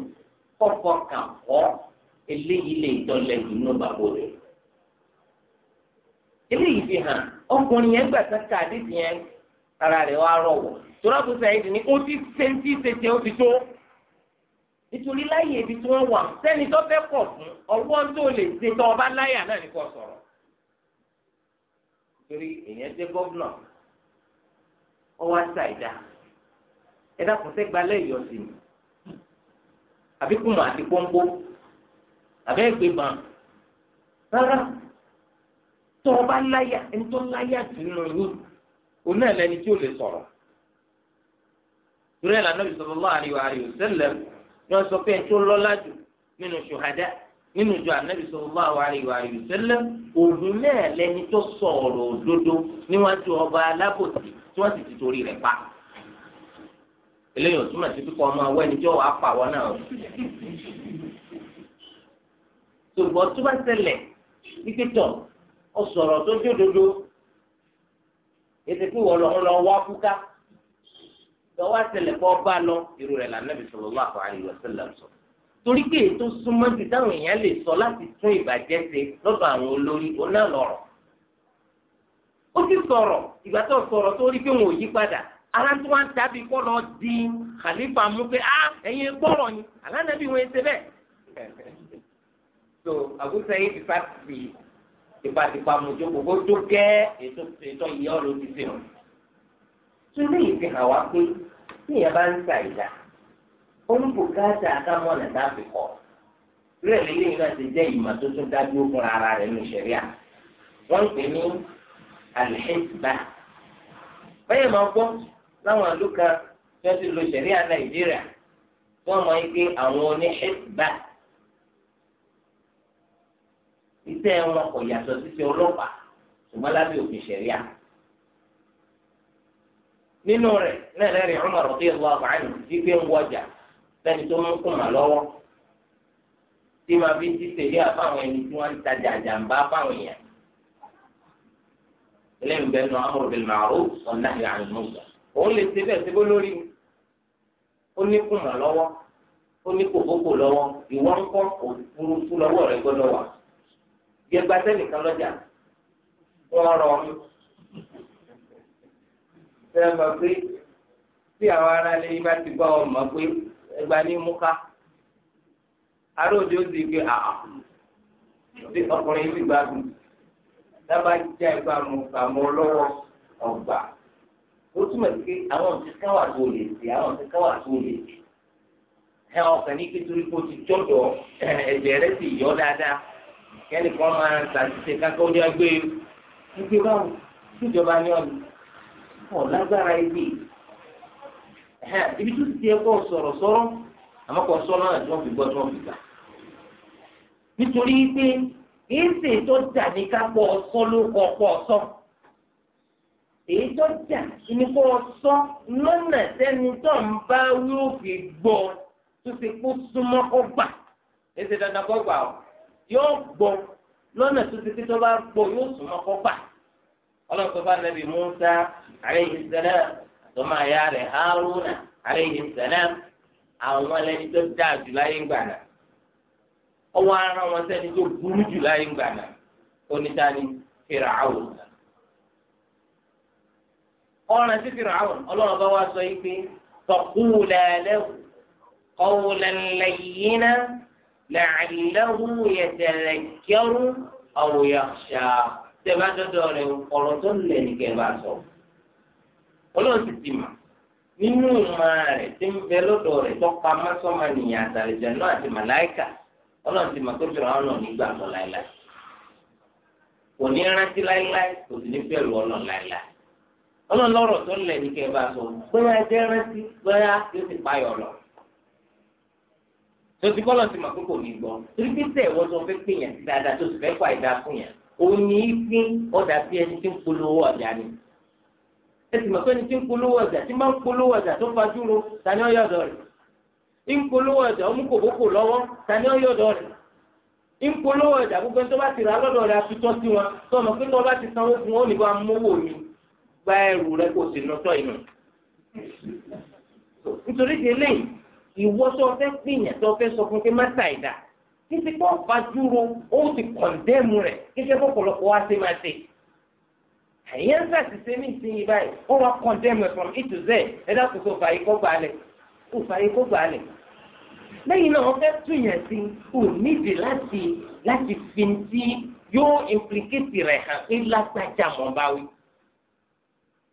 Speaker 1: kọ́kọ́ kàkọ́ eléyìí lè dọ́lẹ̀ nínú bàbá rẹ̀ eléyìí fi hàn ọkùnrin yẹn gbàtà káàdì yẹn ara rẹ̀ wá rọ̀ tòrọ́bù sẹ́yìn ní ó ti ṣe ń tí ṣe ṣe ó ti tó nítorí láyé ibi tí wọ́n wà sẹ́ni tó fẹ́ pọ̀ fún ọwọ́ tó lè ṣe tó ọba láyà náà ní kò sọ̀rọ̀ torí èèyàn jẹ́ gọ́vnà ọwọ́ àṣà ìdá ẹ̀dá kò sẹ́ gbalẹ̀ ìyọ̀sí ni àbí kùmọ̀ àti pọ́npọ́ àbẹ́ ẹ̀gbẹ́ bàn rárá tó ọba láyà ẹni tó láyà jù nínú yín òun náà lẹni tí ó lè sọ̀rọ̀ torí ẹ̀ lànà sallallahu alaihi wa alihi wasallam ni wọ́n sọ pé ẹ̀ tó lọ́lá jù nínú ṣùhádà nínú ìjọ ànábì sallallahu alaihi wa alihi wasallam òun náà lẹni tó sọ̀rọ̀ òdodo níwájú ọba alábòsí tí wọ́n sì ti torí rẹ̀ pa eléyìí òtúmọ̀ sí pípọ̀ ọmọ awọ́ ẹni tí wàá pa àwọn náà ṣùgbọ́n tó bá tọ́wọ́ àtẹlẹ kọ́ bá lọ irú rẹ̀ lànà bí sallallahu alaihi wasallam sọ. torí pé ètò súnmọ́ ju táwọn èèyàn lè sọ láti tún ìbàjẹ́ ṣe lọ́dọ̀ àwọn olórí oná lọ́rọ̀. ó ti sọ̀rọ̀ ìgbà tó sọ̀rọ̀ tó rí pé wọn ò yí padà ara tí wọ́n ń tàbí kọ́ lọ di khalifa mú pé á ah, ẹ̀yin gbọ́rọ̀ ni alánàbí wọn ṣe bẹ́ẹ̀. so àbúṣe yìí ti fà jókòó tó kẹ́ ètò ìyá ọ̀rọ̀ ti tó lè hàn wá pé tí èèyàn bá ń sa ìdá oníbùkátà akámọ́nà tá fi kọ́ rẹ̀ lélẹ́yìn náà ti jẹ́ ìmọ̀ tó tún dájú fún ara rẹ̀ ní ìṣẹ̀ríà wọ́n pè ní alhẹ́sìbá bẹ́ẹ̀ máa gbọ́ láwọn àlùkà tí wọ́n ti lo ìṣẹ̀ríà nàìjíríà wọ́n máa ń àwọn oníhẹ́sìbá iṣẹ́ wọn kò yàtọ̀ sí ti ọlọ́pàá ṣùgbọ́n lábẹ́ òfin ìṣẹ̀ríà nínú rẹ̀ náà lẹ́rìn Umar radiyallahu anhu wípé ń wọjà lẹ́ni tó mú kùmà lọ́wọ́ tí màá fi ti tẹ̀lé àfáwọn ẹni tí wọ́n ń tajà àjàmbá fáwọn èèyàn. eléyìí ń bẹ́ẹ̀ nù amru bil ma'ruf wa nahyi 'anil munkar. òun lè ṣe bẹ́ẹ̀ síbó lórí ó ní kùmà lọ́wọ́ ó ní kòkókò lọ́wọ́ ìwọ ń kọ́ òfurufú lọ́wọ́ rẹ̀ gbọ́dọ̀ wà. gbẹgbẹ́ sẹ́nìkan lọ́jà wọ́n rọ ṣe é mọ̀ pé tí àwọn ará ilé yìí bá ti gbọ́ ọ mọ̀ pé ẹgbà ní mú ká ará òde ó di pé àà bí ọkùnrin yìí gbà mí dábàá jẹ́ ẹgbà mú àmọ́ lọ́wọ́ ọgbà ó túmọ̀ sí pé àwọn ti káwà tó lè sí àwọn ti káwà tó lè sí ẹ ọkàn ní kíkiri kó ti jọ̀dọ̀ ẹ̀jẹ̀ rẹ sì yọ dáadáa kẹ́nìkan máa ṣàtìṣe kákọ́ ọdún agbé gbígbé báwo tíjọba ní ọ̀nà. ọ̀ lágbára ibi ibi tó ti tiẹ̀ kọ́ sọ̀rọ̀ sọ̀rọ̀ àmọ́ kọ́ sọ́ọ́ náà tí wọ́n fi gbọ́ tí wọ́n fi gbà nítorí pé èsè tó jà ní ọ̀sọ́ ló kọ́ ọ̀sọ́ èyí tó jà ní kó ọ̀sọ́ lọ́nà sẹ́ni tó ń bá gbà èsè dandan kó gbà ọ́ yóò gbọ́ lọ́nà tó ti kí tó bá gbọ́ yóò súnmọ́ kó gbà ọlọ́run tó bá alayhi salam àtọmọ àyà rẹ̀ haruna ha àwọn ẹlẹni tó dáa jù láyé ń gbà náà ara wọn sẹ́ni tó burú jù láyé ń gbà náà onítàní Fir'aun ọ̀ràn sí Fir'aun ọlọ́run bá wá sọ yìí pé qawlan tó ọlọ́run ti ti mà nínú ìmọ̀ rẹ̀ tí ń bẹ lọ́dọ̀ rẹ̀ tọ́pa mọ́sọ́mọ́ nìyẹn àtàlẹ́jà náà àti màláìkà ọlọ́run ti mà tó jọra ọ̀nà nígbà tó láéláé kò ní rántí láéláé kò sì ní bẹ̀rù ọlọ́run láéláé ọlọ́run lọ́rọ̀ tó lẹ̀ ní kẹ́ ẹ bá sọ bóyá ẹ jẹ́ rántí bóyá yóò ti payọ̀ lọ. sọtí bọ́lọ̀ ti mà kókò ní gbọ́ torí pé tó fẹ́ pè yàn sí dáadáa tó sì fẹ́ kọ́ àìdá fún yàn òun ní í pín ọ̀dà bí ẹni tí ń polówó ọ̀dà ni ẹsì mọ̀ pé ní tí ń polówó ọjà tí máa ń polówó ọjà tó fajúro tani ọyọ ọ̀dọ̀ rẹ̀ ń polówó ọjà ó mú kòbókò lọ́wọ́ tani ọyọ ọ̀dọ̀ rẹ̀ ń polówó ọjà gbogbo tó bá ti rà lọ́dọ̀ rẹ̀ atutọ́ sí wọn tó ọmọ pé tó bá ti sanwó fún wọn nígbà mówó mi gba ẹrù rẹ̀ kò sí lọ́tọ̀ inú. nítorí ti eléyìí ìwọ tó fẹ́ gbìyàn tó fẹ́ sọ fún pé má ta ìdá títí pọ́ fajúro ó ti kọ̀ndẹ́mù rẹ̀ kíkẹ́ ẹ̀yẹ́ ń ṣàṣìṣe ní ìsinyìí báyìí ó wá condemn it from a to z ẹ dákun tó fààyè kó gbà lẹ̀ kó fààyè kó gbà lẹ̀ lẹ́yìn náà wọ́n fẹ́ túyàn sí kò nídìí láti láti fi ti yóò implicate rẹ̀ hàn pé lágbájá mọ̀ ń bá wí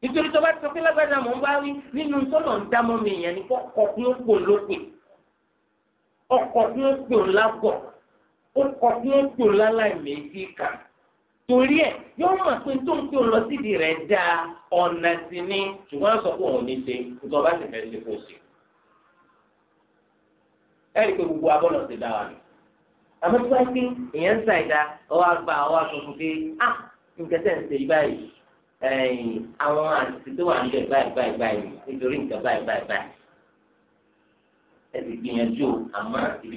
Speaker 1: nítorí tó bá sọ pé lágbájá mọ̀ ń bá wí nínú tọ́lọ̀ ń dá mọ́ mi yẹn ni kó ọkọ̀ tí ó pò lópin ọkọ̀ tí ó pò lágọ̀ ọkọ̀ tí ó pò láláìmẹ̀ẹ́dì kan torí ẹ yóò mọ̀ pé tó ń pè lọ síbi rẹ̀ da ọ̀nà sí ni ṣùgbọ́n sọ pé òun ní ṣe nǹkan bá sì fẹ́ ṣe kó ṣe. ẹ rí i pé gbogbo abọ́nà ti dá wa nù. àmọ́ tí wọ́n ti ìyẹn ń ṣàìdá ọwọ́ àgbà ọwọ́ àtúntò pé à ah, nǹkan tẹ̀ ń ṣe báyìí àwọn àti tó wà níbẹ̀ báyìí báyìí báyìí nítorí nǹkan báyìí báyìí báyìí. ẹ ti gbìyànjú àmọ́ ibi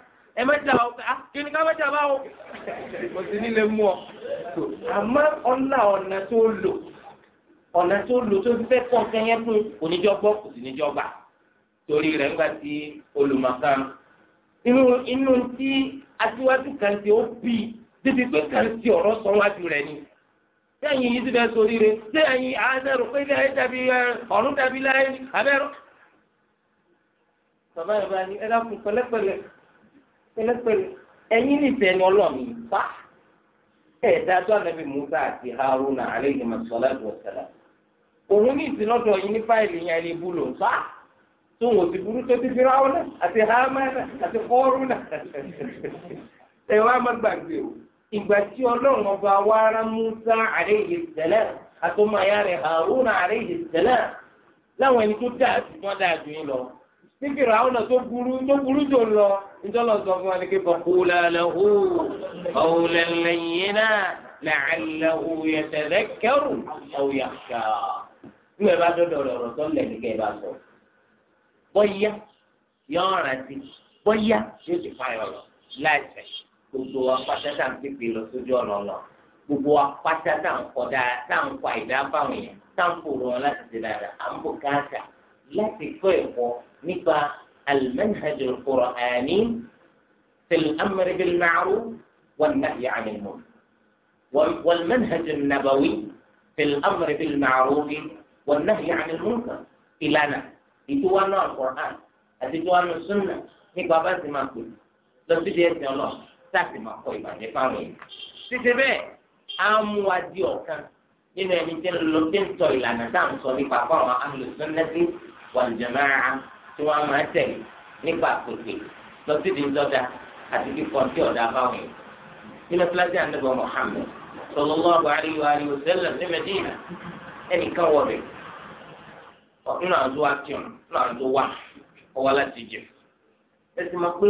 Speaker 1: ẹ má jà ọ́ ah, kí ni ká má jà báwo kò sí nílé mú ọ. àmọ́ ọ̀nà ọ̀nà tó lò ọ̀nà tó lò tó fi fẹ́ pọ̀ kẹ́yẹ́ fún oníjọ́gbọ́ kò sí níjọba torí rẹ̀ ń gbà sí olùmọ̀kan inú inú tí aṣíwájú kan ti ó bí débi pé kan ti ọ̀rọ̀ sọ wájú rẹ̀ ni sẹ́yìn yìí ti bẹ́ẹ̀ sórí rẹ̀ sẹ́yìn àádẹ́rù pé ilé ayé dàbí ọ̀run dàbí láyé abẹ́rù. bàbá yẹn bá ẹ dákun pẹ̀lẹ́pẹ̀lẹ́ pẹ̀lẹ́pẹ̀lẹ́ ẹ̀yin nífẹ̀ẹ́ ni ọlọ́ọ̀ni bá ẹ̀dá tó ànábì Musa àti Haruna alayhi masalatu wa òun ní ìsìnlọ́dọ̀ yìí ní fáìlì yẹn lè bu bá tó wọn ti burú tó ti fi ra àti hamana àti kọ́ọ̀rùnà ẹ wá má gbàgbé o ìgbà tí ọlọ́run ọba wa Musa alayhi àtọmọ ayá Haruna alayhi láwọn ẹni tó dáa lọ. tí fìrà àwọn náà tó burú tó burú jò lọ ìjọlọ sọ fún wa ní kí faqula lahu qawlan layyina la'allahu yatadhakkaru aw yakhsha. nígbà bá dọ̀dọ̀ ọ̀rọ̀ tó lẹ̀ ní kẹ́ bá sọ. bọ́yá yọ ọ̀ràn sí bọ́yá yóò ti fa ìrọ̀rọ̀ láìsẹ̀ gbogbo wa pátátà ń pèpè lọ sójú ọ̀nà ọ̀nà gbogbo wa pátátà tá à ń kọ àìdá tá à ń fòrò لا kọ́ ẹ̀kọ́ المنهج القرآني في الأمر بالمعروف والنهي عن المنكر والمنهج النبوي في الأمر بالمعروف والنهي عن المنكر إلى يتوانا القرآن أتتوانا السنة نقابا ما كل لو تجي الله تاتي ما قوي ما نفهمين تتبع أم وديوكا إنه يمكن لو تنتو إلى نتام صلي بابا وأهل السنة wàlùjẹmáà tí wọn máa tẹ̀lé nípa pèpè lọ sí di ńdọdà àti kíkọ tí ọdà báwọn yìí nínú kíláàsì àdébọ Muhammad sallallahu alaihi wa alihi na sallam ní Medina ẹnìkan wọbẹ nínú àdó akíọn nínú àdó ọwọ láti jẹ ẹsìn máa pé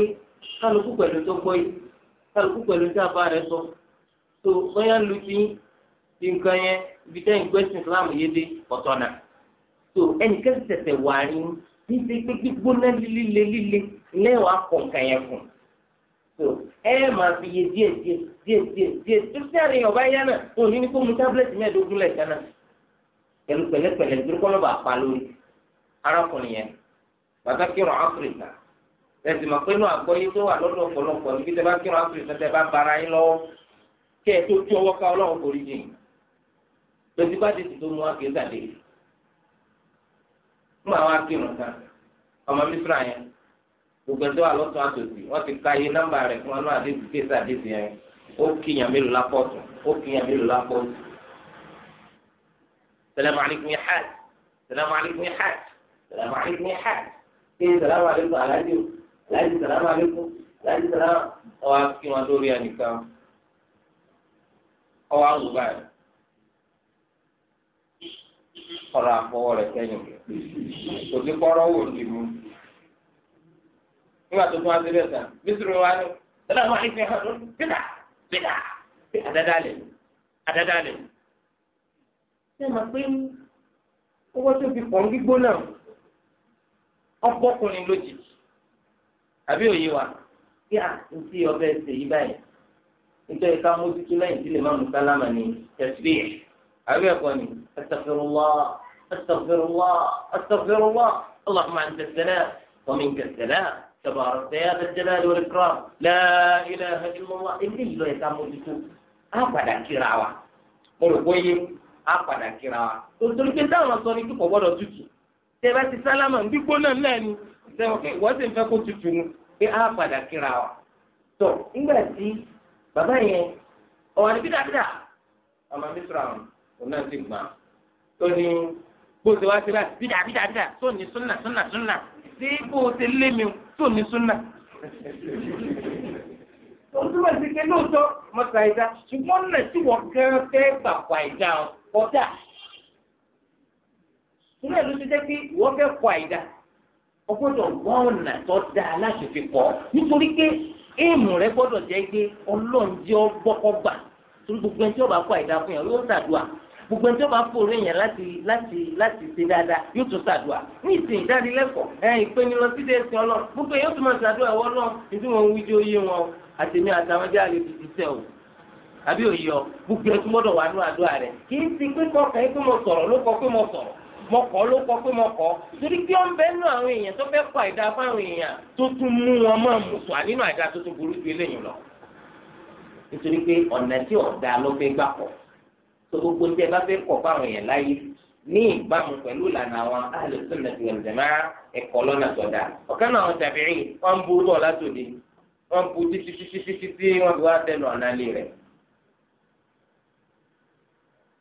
Speaker 1: kálukú pẹ̀lú tó gbọ́ yìí kálukú pẹ̀lú tí a bá rẹ sọ tó bóyá lu ti nǹkan yẹn gbẹ́sìn Islam so ẹnìkan ti tẹ̀sẹ̀ wà ní ní ṣe pé gbígbóná líle líle lẹ́wọ̀n akọ̀ǹkan yẹn fún so ẹ máa fi yé díẹ̀ díẹ̀ díẹ̀ díẹ̀ díẹ̀ tó sí àríyàn ọba yá náà òun ní kó mu tábìlẹ̀tì mẹ́ẹ̀ẹ́dógún lẹ́ẹ̀kan náà pẹ̀lú pẹ̀lẹ́pẹ̀lẹ́ nítorí kọ́ lọ́ba àpá lórí arákùnrin yẹn bàtà kírun áfíríkà ẹ̀sìn mọ̀ pé inú àgbọ̀yé tó wà lọ́dọ̀ ọ̀pọ̀lọpọ̀ níbi tẹ́ bá kírun áfíríkà tẹ́ bá bara yín lọ́wọ́ kẹ́ ẹ tó tí ọwọ́ ká ọlọ́run kò rí jìn lọ́sibá ti ti tó mú akéésàdé yìí fún àwọn akírun kan ọmọ mísírà yẹn gbogbo ẹjọ́ àlọ́tún àtòsí wọ́n ti ka iye nọ́mbà rẹ̀ fún ọlọ́run àdéhùn kéésì àdéhùn yẹn ó kíyàn mélòó lápọ̀tù ó kíyàn mélòó lápọ̀tù. salamu alaykum ya hajj salamu alaykum ya hajj salamu alaykum ya hajj ṣé salamu alaykum aláàjì aláàjì salamu alaykum aláàjì salamu ọwọ́ akíwọn lórí ẹnìkan ọwọ́ àwùjọ báyìí. ọ̀rọ̀ àfọwọ́ rẹ̀ sẹ́yìn kò sí kọ́rọ́ wò ní mu. nígbà tó tún wá sàn bísírò wa ni ha wà ní fi hàn lónìí bídà bídà àdádálẹ̀ le. ṣé màá pé owó tó fi pọ̀n gbígbóná ọgbọ́kùnrin lójijì àbí òye wa kí à ń tí ọbẹ̀ ṣèyí báyìí nítorí ká mójútó lẹ́yìn tí lè má mú sálámà ní àbí ẹ̀kọ́ ni astaghfirullah astaghfirullah astaghfirullah allahumma anta as-salam wa minka as-salam tabarakta ya dhal jalali wal ikram la ilaha illallah ilé ìlọ ẹ̀ka mójútó á padà kíra wa mo rò pé yé á padà kíra wa torí pé táwọn sọ ní kíkọ̀ gbọ́dọ̀ tutù tẹ́lá ti sálámà ń gbígbóná náà ni wọ́n sì ń fẹ́ kó tutù mu pé á padà kíra wa tó nígbà tí bàbá yẹn ọ̀wà ní bídàbídà ọmọ mi sọ̀rọ̀ àwọn òun náà sì gbà bó ṣe wá sí báyìí bídà bídà bídà tó ní súnà súnà súnà sí bó ṣe lé mi tó ní súnà. òun túbọ̀ sí pé lóòótọ́ mo ta ìdá ṣùgbọ́n náà tí wọ́n gẹ́rẹ́ fẹ́ gbà pa ìdá ọ̀dà. ìlú ẹ̀ ló ti jẹ́ pé wọ́n fẹ́ pa ìdá o gbọ́dọ̀ ọ̀nà tó dáa láti fi kọ́ nítorí pé éèmù rẹ gbọ́dọ̀ jẹ́ pé ọlọ́run jẹ́ ọ gbọ́kọ́gbà torí gbogbo ẹni tí ọba kọ́ àìdá fún yàn ló ń gbogbo ẹni tó bá fòrò èèyàn láti láti láti ṣe dáadáa yóò tún ṣàdúrà ní ìsìn ìdánilẹ́kọ̀ọ́ ẹ̀yìn ìpinnu lọ sí déèsì ọlọ́run gbogbo yóò tún máa ṣàdúrà ẹ̀wọ́ náà nítorí wọn ń wíjọ yé wọn àtẹ̀mí àtàwọn jẹ́ àlè tuntun sẹ́ o àbí òye ọ gbogbo ẹ̀ tún gbọ́dọ̀ wà ní àdúrà rẹ̀ kì í ti pé kọ́ kẹ́ pé mo sọ̀rọ̀ ló kọ́ pé mo sọ̀rọ̀ mo kọ́ ló kọ́ pé mo kọ́ torí kí wọ́n bẹ́ẹ̀ nú àwọn èèyàn tó fẹ́ kọ́ àìdá fáwọn èèyàn tó tún mú wọn máa mú sùn ànínú àìdá tó tún burú ju eléyìí lọ nítorí pé ọ̀nà tí ọ̀dà ló fẹ́ gbà pọ̀ tó gbogbo tẹ bá fẹ́ kọ̀ fáwọn èèyàn láyé ní ìbámu pẹ̀lú ìlànà àwọn ahlu sunnati wal jamaa ẹ̀kọ́ lọ́nà sọ̀dá ọ̀kan náà wọn tàbírí wọn bu bọ̀ látòdì wọn bu títí títí títí tí wọn fi wá dẹnu ọ̀nà lé rẹ̀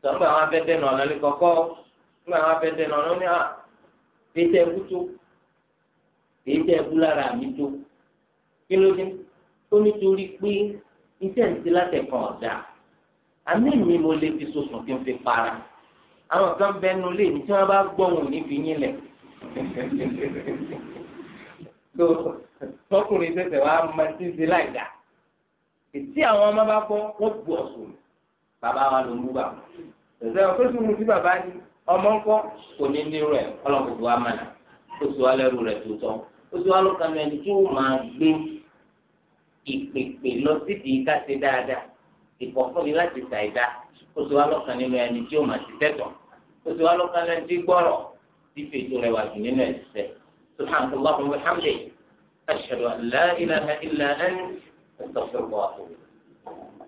Speaker 1: sọ̀rọ̀ àwọn afẹ́ dẹnu ọ̀nà lé kọ̀kọ́ nígbà àwọn afẹ́ dẹnu ọ̀nà ní à kì í tó kì í lára mi tó kí ló dé ó nítorí pé iṣẹ́ ìsìn látẹ̀kọ̀ ọ̀dà àmì mi mo lè fi sòsùn kí n fi para àwọn kan bẹnu lé ní tí wọn bá gbọ́ wọn ní fi yín lẹ̀ tó tọkùnrin tẹsẹ̀ wá máa ti ṣe láì dá ètí àwọn ọmọ bá gbọ́ wọn bu ọ̀sùn bàbá wa ló ń bú bàbá ẹsẹ̀ wọn fẹsùn mu sí bàbá ni ọmọ ńkọ́ kò ní nírú ẹ ọlọpàá wa mọnà ó sọ alẹrú rẹ tó tọ ó sọ alọkànnì ẹni tí ó máa gbé ìpèpè lọ sídìí ká ṣe dáadáa ìkọ̀fúnni láti ta ìdá ó ti wá lọ́kàn nínú ẹni tí ó mà ti tẹ̀tọ̀ ó ti wá lọ́kàn nínú ẹni tí gbọ́rọ̀ tí fètò rẹ̀ wà jù nínú ẹ̀sẹ̀ subhanahu wa ta'u alhamdulilayi ashhadu an ilaha illa anta astaghfiruka wa